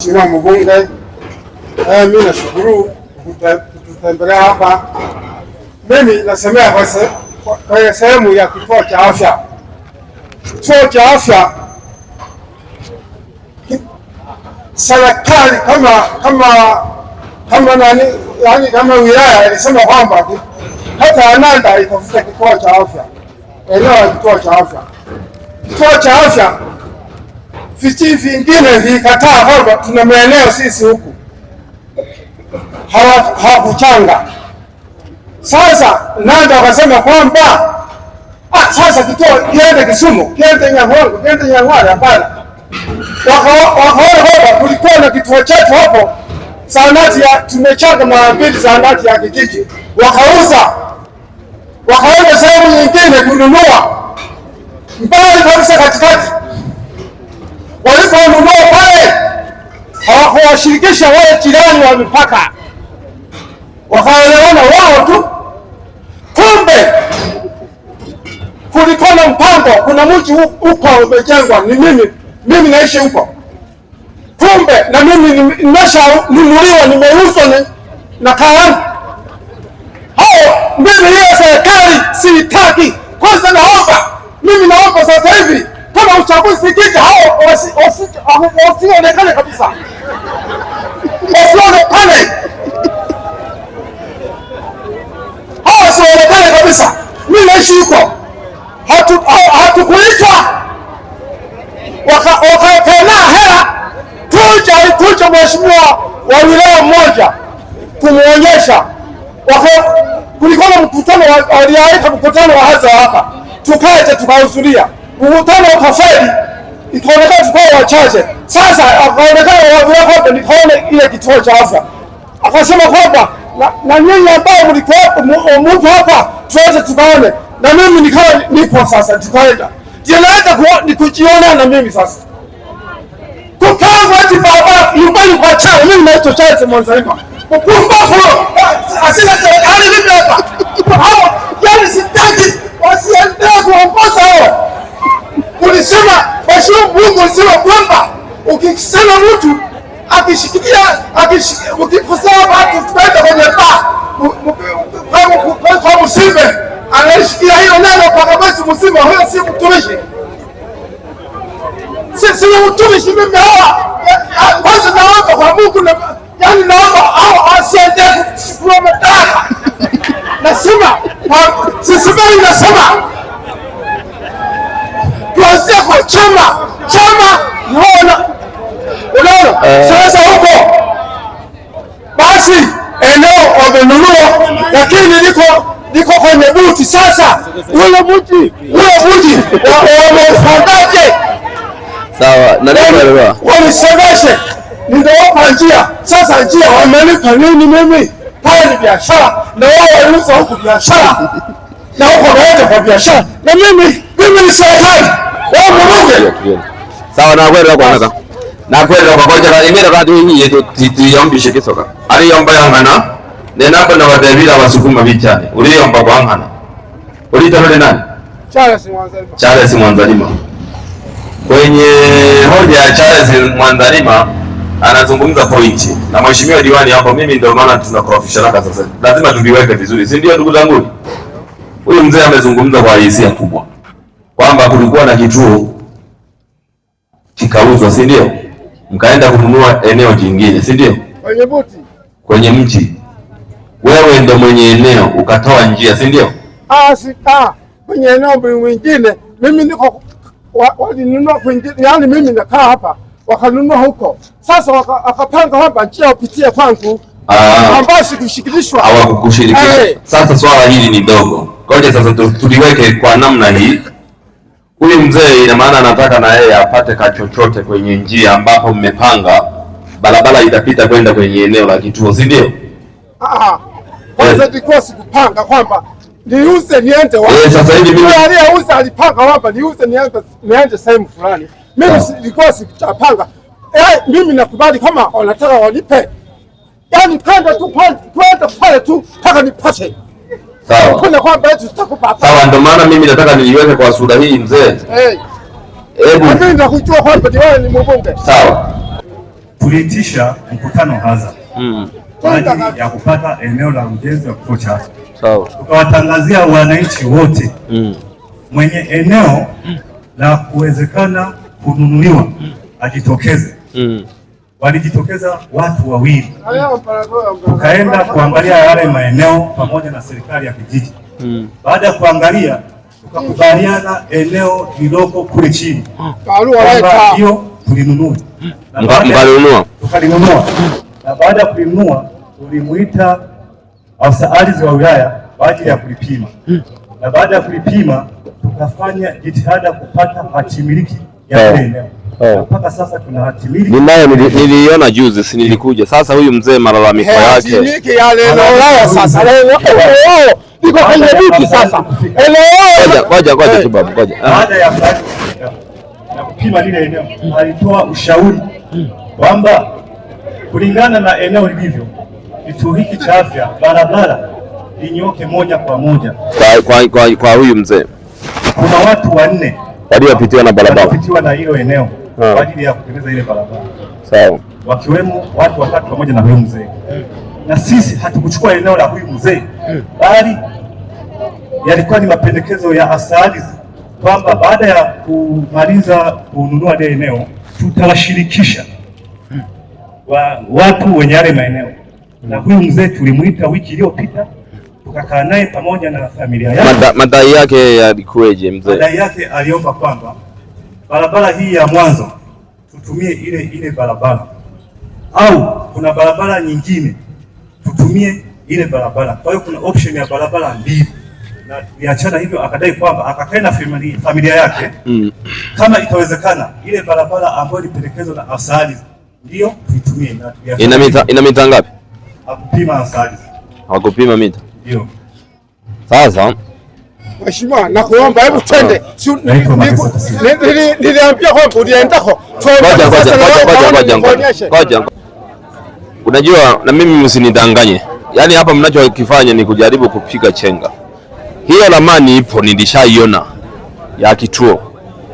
Mheshimiwa Mbunge, eh, mimi nashukuru kututembelea hapa. Mimi nasemea kwenye sehemu ya kituo cha afya. Kituo cha afya serikali kama kama kama nani, yani kama wilaya ilisema kwamba hata Ananda itafuta kituo cha afya, eneo la kituo cha afya, kituo cha afya vichi vingine vikataa kwamba tuna maeneo sisi huku, hawakuchanga hawa. Sasa Nanda wakasema kwamba ah, sasa kituo kiende Kisumu, kiende Nyang'hwale, kiende Nyang'hwale. Hapana, wakaona kwamba kulikuwa na kituo chetu hapo zahanati ya tumechanga mara mbili zahanati ya kijiji, wakauza wakaenda sehemu nyingine kununua mbali kabisa katikati kuwanunua pale, hawakuwashirikisha wale jirani wa mipaka, wakaelewana wao tu. Kumbe kulikuwa na mpango, kuna mji huko umejengwa, ni mimi mimi naishi huko, kumbe na mimi nimeshanunuliwa, nimeuzwa ni na kalamu hao. mimi hiyo serikali siitaki. Kwanza naomba mimi, naomba sasa hivi kama uchaguzi kija, hao wasionekane kabisa, wasionekane, hao wasionekane kabisa. Mi naishi huko, hatukuitwa wakatemea hela tuja tuja, mheshimiwa wa wilaya mmoja kumuonyesha. Kulikuwa na mkutano, aliaita mkutano wa hadhara hapa, tukaja tukahudhuria mkutano ukafeli, ikaonekana tulikuwa wachache. Sasa akaonekana waviwako nikaone ile kituo cha afya, akasema kwamba na nyinyi ambao mlikuwepo hapa tuweze tukaone, na mimi nikawa nipo sasa, tukaenda jinaenda ni kujiona na mimi sasa kukaati baba nyumbani kwa chai, mimi naitwa chai Simon Zaima ukumbapo asina serikali vipi hapa, yani sitaki wasiendelee kuongoza hao Ulisema Mheshimiwa Mbunge, ulisema kwamba ukisema mtu akishikilia ukikosea watu tutaenda kwenye baa kwa msibe, anaishikilia hiyo neno kwa kabisa msiba. Huyo si mtumishi, si mtumishi. Mimi hawa eh, eh, kwanza naomba kwa Mungu na yani, naomba hao asiende kuchukua mataka, nasema sisema, nasema chama chuma, unaona. Eh. Sasa huko basi eneo wamenunua, lakini liko liko kwenye buti. Sasa ule buti ule buti wameufangaje? Sawa, na ndio wanisemeshe nitawapa njia. Sasa njia wamelipa nini? Mimi pale ni biashara, na wao waliuza huko biashara na huko naenda kwa biashara, na mimi mimi ni serikali Eh, Sawa na kwenda kwa naka. ingera kati hii yetu tuyambishe kisoka. Aliomba yangana. Nenda kwa wadavila wasukuma vichane. Uliomba kwa ngana. Uliita nani Charles Mwanzalima. Kwenye hoja ya Charles Mwanzalima anazungumza pointi. Na mheshimiwa diwani hapo mimi ndio maana tunakorofishana sasa. Lazima tuviweke vizuri. Si ndio ndugu zangu? Huyu mzee amezungumza kwa hisia kubwa kwamba kulikuwa na kituo kikauzwa, si ndio? Mkaenda kununua eneo jingine, si ndio? Kwenye buti, kwenye mji, wewe ndo mwenye eneo ukatoa njia, si ndio? Ah, ah, si Kwenye eneo mwingine, mimi niko walinunua kwingine, yani mimi nakaa hapa, wakanunua huko. Sasa wakapanga waka hapa njia upitie kwangu ah. ambayo sikushirikishwa, hawakukushirikisha. Eh. Sasa swala hili ni dogo, ngoja sasa tuliweke kwa namna hii huyu mzee ina maana anataka na yeye apate kachochote kwenye njia ambapo mmepanga barabara itapita kwenda kwenye eneo la kituo, si ndio? Nilikuwa ah, ah. sikupanga kwamba niuze niende wapi. Sasa hivi mimi aliyeuza alipanga hapa niuze niende niende sehemu fulani. Mimi nilikuwa ah. sikupanga. Eh, mimi nakubali kama wanataka wanipe. Yaani kwenda tu pale tu pale tu mpaka nipate. Sawa, kwa Sawa, ndio maana mimi nataka niiweke kwa sura hii mzee. Eh. Hey. Hebu. Mimi kwa wewe ni mbunge. Sawa, tuliitisha mkutano hadhara mm. kwa ajili ya kupata eneo la ujenzi wa kituo cha afya. Sawa, tukawatangazia wananchi wote mm. mwenye eneo mm. la kuwezekana kununuliwa mm. ajitokeze mm walijitokeza watu wawili, tukaenda kuangalia yale maeneo pamoja na serikali ya kijiji hmm. Baada ya kuangalia tukakubaliana eneo liloko kule chini kwamba hiyo tulinunua, tukalinunua na baada ya kulinunua tulimuita afisa ardhi wa wilaya kwa ajili ya kulipima, na baada ya kulipima tukafanya jitihada kupata hatimiliki ya eh. eneo Oh. mpaka sasa tunahatimiliki. Ninayo niliona juzi, si nilikuja. Sasa huyu mzee malalamiko yake kupima lile eneo alitoa ushauri kwamba kulingana na eneo lilivyo, kituo hiki cha afya barabara inyoke moja kwa moja kwa, kwa, kwa, kwa huyu mzee kuna watu wanne waliopitiwa na barabara waliopitiwa na hilo eneo ah. kwa ajili ya kutengeneza ile barabara sawa, wakiwemo watu watatu pamoja na huyu mzee. Na sisi hatukuchukua eneo la huyu mzee, bali yalikuwa ni mapendekezo ya asali kwamba baada ya kumaliza kununua ile eneo tutawashirikisha wa, watu wenye yale maeneo, na huyu mzee tulimwita wiki iliyopita tukakaa naye pamoja na familia yake. Mada, madai yake yalikuweje mzee? Madai yake aliomba kwamba barabara hii ya mwanzo tutumie ile ile barabara au kuna barabara nyingine tutumie ile barabara. Kwa hiyo kuna option ya barabara mbili na tuliachana hivyo, akadai kwamba akakae na familia, yake mm. kama itawezekana ile barabara ambayo ilipendekezwa na asali ndio tuitumie. Ina mita, ina mita ngapi? Hakupima asali, hakupima mita ndio. Sasa Mheshimiwa, nakuomba hebu twende. Niliambia kwamba uliendako. Ngoja. Unajua na mimi msinidanganye. Yaani hapa mnachokifanya ni kujaribu kupiga chenga. Hiyo ramani ipo, nilishaiona ya kituo.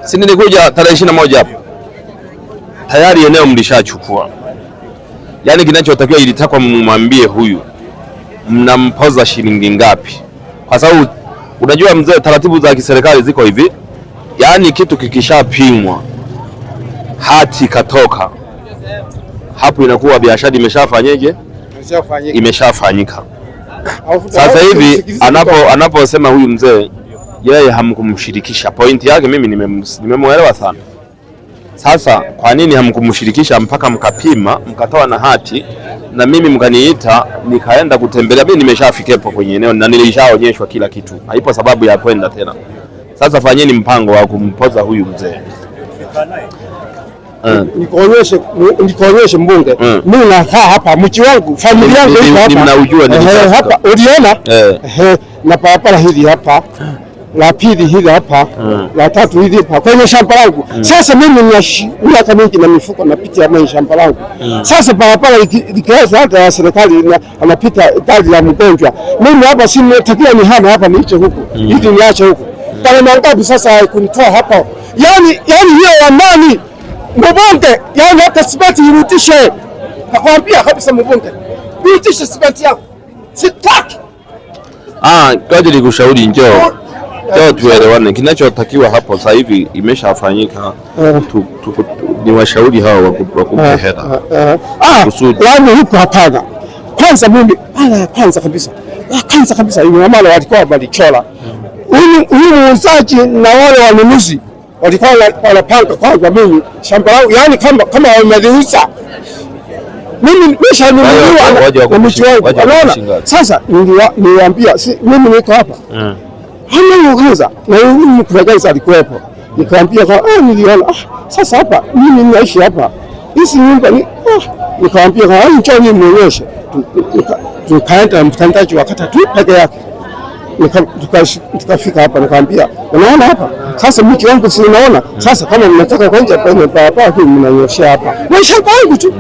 Si nilikuja tarehe ishirini na moja hapo. Tayari eneo mlishachukua. Yaani kinachotakiwa ilitakwa mumwambie huyu mnampoza shilingi ngapi? Kwa sababu unajua mzee, taratibu za kiserikali ziko hivi, yaani kitu kikishapimwa, hati ikatoka, hapo inakuwa biashara imeshafanyeje? Imeshafanyika. Sasa hivi anapo anaposema huyu mzee, yeye hamkumshirikisha, pointi yake mimi nimemwelewa sana sasa kwa nini hamkumshirikisha mpaka mkapima mkatoa na hati na mimi mkaniita nikaenda kutembelea? Mimi nimeshafika hapo kwenye eneo na nilishaonyeshwa kila kitu, haipo sababu ya kwenda tena. Sasa fanyeni mpango wa kumpoza huyu mzee mm. Nikuonyeshe, nikuonyeshe mbunge Mimi nakaa hapa mchi wangu familia yangu hapa, mnaujua hapa, uliona eh, na parapara hivi hapa la pili hili hapa mm. la tatu hili hapa kwenye shamba langu mm. Sasa mimi miaka mingi na mifuko napitia mwenye shamba langu mm. Sasa barabara ikianza hata ya serikali anapita gari la mgonjwa, mimi hapa ni hana hapa niiche huku mm. ili niache huku pale mangapi sasa kunitoa hapa yani, yani hiyo ya wamani mbunge yani hata sibati irutishe, nakwambia kabisa mbunge irutishe sibati yako sitaki. Ah, kwaje nikushauri njoo Leo tuelewane, kinachotakiwa hapo sasa hivi imeshafanyika. Eh. Ni washauri hao wakupe eh, hela yani, eh, ah, huko hapana. Kwanza mimi mara ya kwanza kabisa ya kwanza kabisa maana walikuwa walichora mm. huyu muuzaji na wale wanunuzi walikuwa wanapanga kwanza, mimi shamba lao yani kama kama wameliuza mimi nimeshanunuliwa, unaona. Sasa niliwaambia mimi niko hapa mm ameuguza na mfanyakazi alikuwepo, nikamwambia kwa ah, niliona ah, sasa hapa mimi naishi hapa hizi nyumba ni ah, nikamwambia kwa hiyo ah, njoo nimuonyeshe. Tukaenda mtandaji wakata tu peke yake, tukafika hapa, nikamwambia unaona hapa sasa mke wangu si unaona sasa, kama mnataka kwenda kwenye baba hii mnanyoshia hapa maisha yangu tu